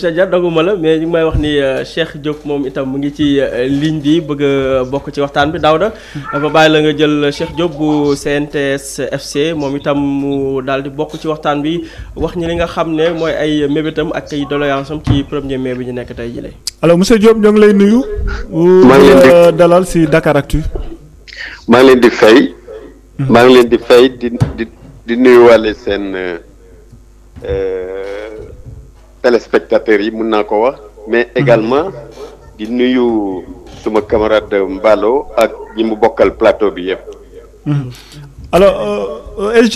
Sadia doguma la mais ñu may wax ni euh, Cheikh Diop moom itam mu ngi ci euh, ligne bi bëgg a bokk ci waxtaan bi Daouda ba bàyyi la nga jël Cheikh Diop bu CNTS FC mom itam mu daal di bokk ci waxtaan bi wax ñi li nga xam ne mooy ay mébétam ak ay doléance am ci premier mai bi ñu nekk tey jëlee. alors monsieur Diop ñoo lay nuyu. Euh, dalal si Dakar Actu. maa ngi leen di fay. Hmm. maa ngi leen di fay di di di nuyuwaale seen. téléspectateurs yi ko mais mhm. également di nuyu suma camarade Mballo ak ñi mu bokal plateau bi mhm. alors euh, euh, LG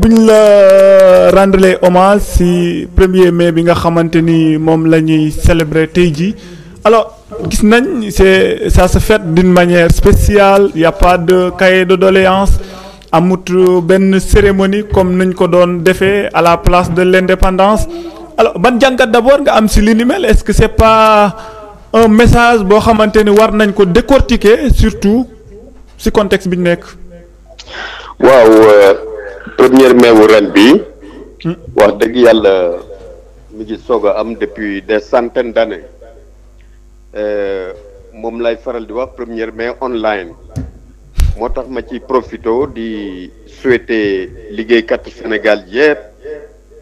vais la rendre hommage si premier mai bi nga xamante ni célébrer tay alors gis nañ c'est ça se fait d'une manière spéciale il n'y a pas de cahier de doléances a une cérémonie comme nous ko doon défé à la place de l'indépendance alors ban jangat d'abord nga am ci li ni mel est-ce que c'est pas un message bo xamante war nañ ko décortiquer surtout si contexte biñ nek waaw euh, première mai wu ren bi hmm. wax deug yalla mi ngi soog am depuis des centaines d'années euh, mom lay faral di wax première mai online motax ma ci profito di souhaiter liggéeykatu Sénégal yépp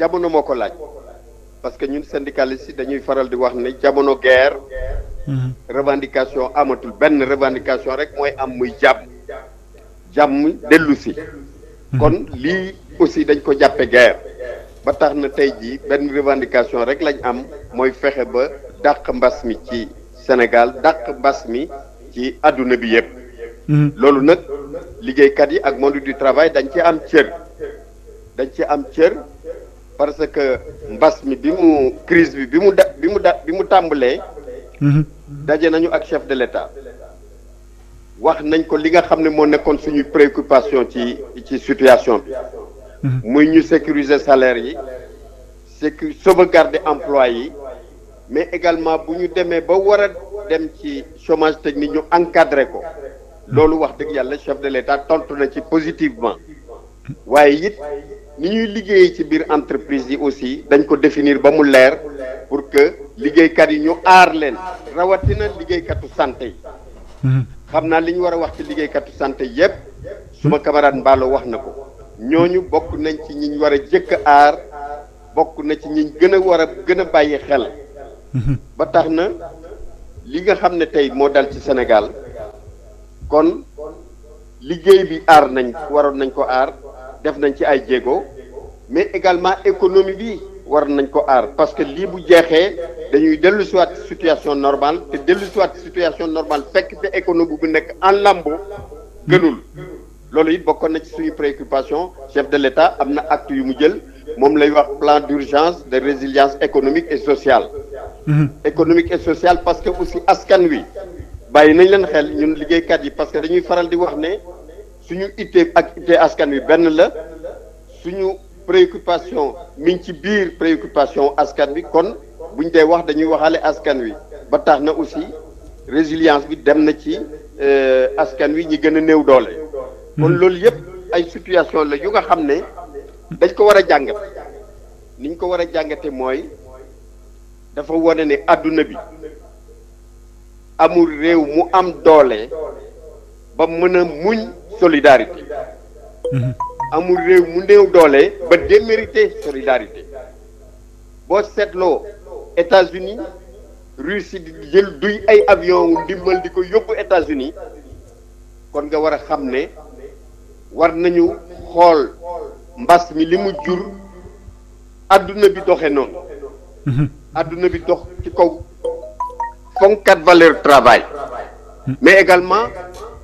jamono moo ko laaj parce que ñun syndicalistes yi dañuy faral di wax ne jamono guerre mhm. revendication amatul benn revendication rek mooy am muy jàmm jàmm dellu si mhm. kon lii aussi dañ ko jàppe guerre ba tax na tey jii benn revendication rek lañ am mooy fexe ba dàq mbas mi ci Sénégal dàq mbas mi ci àdduna bi yëpp mhm. loolu nag liggéeykat yi ak monde du travail dañ ci am cër dañ ci am cër parce que mbas mi bi crise bi bi mu da bi mu da mhm. daje nañu ak chef de l'État wax nañ ko li nga xamné mo moo suñu préoccupation ci ci situation bi. Mhm. muy ñu sécuriser salaire yi. sauvegarder emploi yi. mais également buñu démé ba wara dem ci chômage technique ñu encadré ko. Mhm. lolu wax dëgg yalla chef de l'État tontu na ci positivement. waye it ni ñuy liggéeyee ci biir entreprise yi aussi dañ ko définir ba mu leer pour que liggéeykat yi ñu aar leen rawatina liggéeykatu santé yi mhm. xam naa li ñu war a wax ci liggéeykatu santé yépp suma camarade Mballo wax na ko ñoo ñu bokk nañ ci ñi ñu war a jëkk aar bokk na ci ñi gën a war a gën a bàyyi xel mhm. ba tax na li nga xam ne tey moo dal ci senegal kon liggéey bi aar nañ waroon nañ ko aar def nañ ci ay djégo mais également économie bi war nañ ko ar parce que li bu jeexee dañuy ci wat situation normale te ci wat situation normale fekk te économie bu nek en lambo gënul loolu it bokkoon na ci suñu préoccupation chef de l'État amna acte yu mu djël mom lay wax plan d'urgence de résilience économique et sociale mhm. économique et sociale parce que aussi askan wi bayinañ len xel ñun kat yi parce que dañuy faral di wax né suñu ittee ak ittee askan wi benn la suñu préoccupation mi ci biir préoccupation askan wi kon buñ dee wax dañuy waxale askan wi ba tax na aussi résilience bi dem na ci euh, askan wi ñi gën a néew doole. kon loolu yëpp ay situation la yu nga xam ne dañ ko war a jàngat niñ ko war a jàngate mooy dafa wone ne àdduna bi amul réew mu am doole ba mën a muñ. solidarité mhm. amul réew mu néew doole ba démérité solidarité boo seetloo États-Unis Russie di jël duy ay avion wu ndimbal di ko États-Unis kon nga war a war nañu xool mbas mi li mu jur adduna bi doxe noonu mhm. adduna bi dox ci kaw fonkat valeur travail mhm. mais également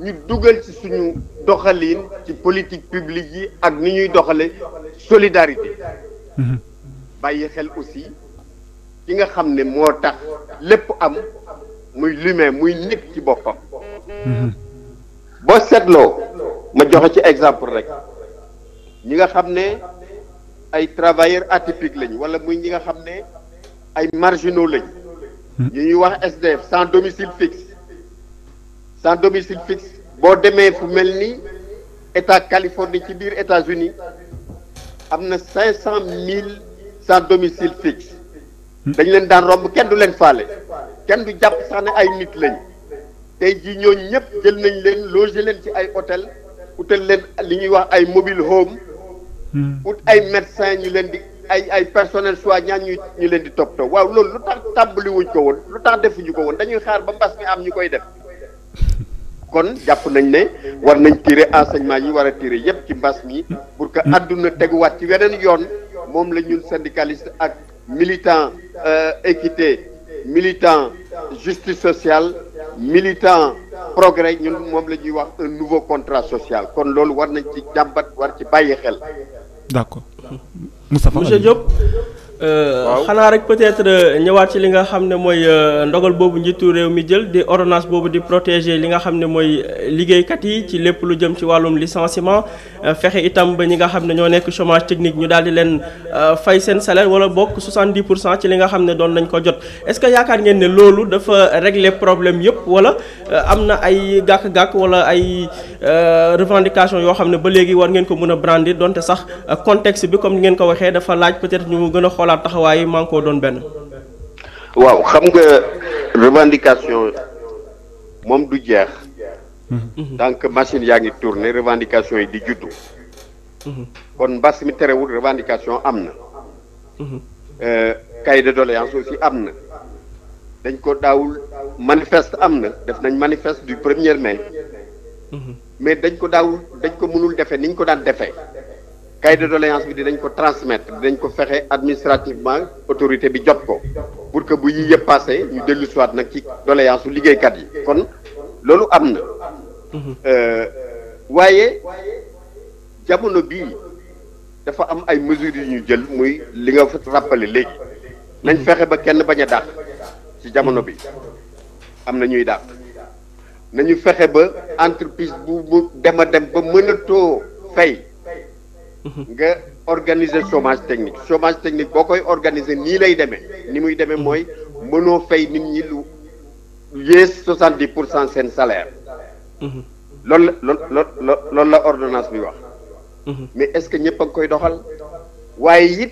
ñu dugal ci suñu doxaliin ci politique publique ak ni ñuy doxale solidarité mhm. bàyyi xel aussi ki nga xamné ne moo tax lépp am muy lumain muy nit ci boppam mhm. bo setlo ma joxe ci exemple rek ñi nga xamné ay travailleurs atypiques lañ wala muy ñi nga xamné ay marginaux lañ mhm. ñi wax SDF sans domicile fixe sans domicile fixe boo demee fu mel ni état Californie ci biir États-Unis am na cinq cent mille sans domicile fixe hmm. dañ leen daan romb kenn du leen faale kenn du jàpp sax ne ay nit lañ tey jii ñooñu ñëpp jël nañ leen loger leen ci ay hôtel utal leen li ñuy wax ay mobile home hmm. ut ay médecin ñu leen di ay ay personnel soignant ñu ñu leen di top toppatoo waaw loolu lu tax tàmbali wuñ ko woon lu tax defu ñu ko woon dañuy xaar ba mbas mi am ñu koy def kon jàpp nañ ne war nañ tirer enseignement yi wara a tirer yépp ci mbass mi pour que mm. aduna àdduna wat ci weneen yoon mom la ñun syndicaliste ak militant euh, équité militant justice sociale militant progrès ñun mom la ñuy wax un nouveau contrat social kon lool war nañ ci jàmbat war ci bàyyi xel. d'accord Moustapha Monsieur Diop. Euh, xanaa rek peut-être euh, ñëwaat ci li nga xam euh, ndogal mi jël protéger li nga yi ci lépp lu jëm ci licenciement fexe itam ba chômage technique ñu di salaire wala 70 pour ci li nga est-ce que yaakaar ngeen dafa régler problème yëpp wala ay revendication ba war ngeen contexte bi comme ngeen ko dafa peut-être xalaat taxawaay yi maa ngi koo doon benn. waaw xam nga revendication moom du jeex. Mhm. tant que machine yaa ngi tourné revendication yi di juddu. Mhm. kon mbas mi terewul revendication am na. Mhm. Euh, cahier de doléance aussi am na. dañ ko daawul manifeste am na def nañ manifeste du première mai. mais dañ ko daawul dañ ko mënul defee ni ñu ko daan defee. cahier de doléance bi dinañ ko transmettre dinañ ko fexé administrativement autorité bi jot ko pour que bu ñuy yé passé ñu déllu siwaat nak ci doléance su kat yi kon lolu amna mhm. euh wayé jamono bi dafa am ay mesures ñu jël muy li nga rappelé légui nañ mhm. fexé ba kenn baña a ci jamono bi amna ñuy dàq nañu fexé ba entreprise bu mu dem dem ba mëna to fay nga organiser chômage technique chômage technique bokoy organiser ni lay ni muy demee moy mhm. fay nit ñi lu salaire C'est mhm. lool la ordonnance mhm. mais est-ce que ñepp a koy doxal waye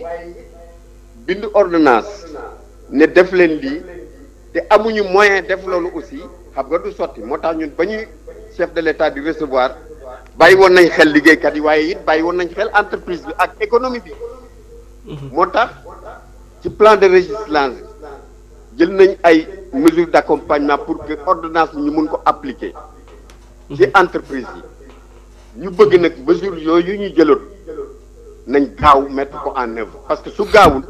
ordonnance ne def len li te amuñu moyen def aussi xam du soti ñun chef de l'État du recevoir bàyyi woon nañ xel liguey kat yi waye it bàyyi woon nañ xel entreprise bi ak économie bi. Mhm. motax ci plan de résilience jël nañ ay mesures d'accompagnement pour que ordonnance ñu mun ko appliquer. Mhm. ci entreprise yi. ñu bëgg nak mesures yoyu ñu jëloon nañ gaaw mettre ko en œuvre parce que su gaawul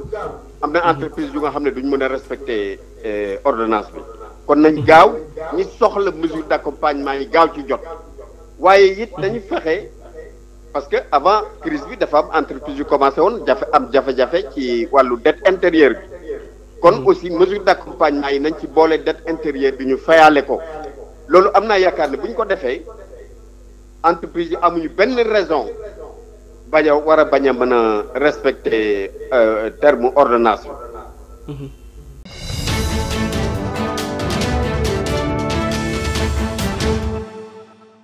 am na mhm. entreprise yu nga xam ne duñ mën a respecter euh, ordonnance bi kon nañ gaaw ñi soxla mesure d'accompagnement yi gaaw ci jot waaye it dañu parce que avant crise bi dafa entreprise yu commencé woon jafe am jafe-jafe ci wàllu dette intérieure kon mm. d'accompagnement pour les dettes intérieures dette intérieure bi à fayaale ko loolu am naa yaakaar ne que ñu ko une entreprise yi raison pour respecter euh, terme ordonnance -hmm.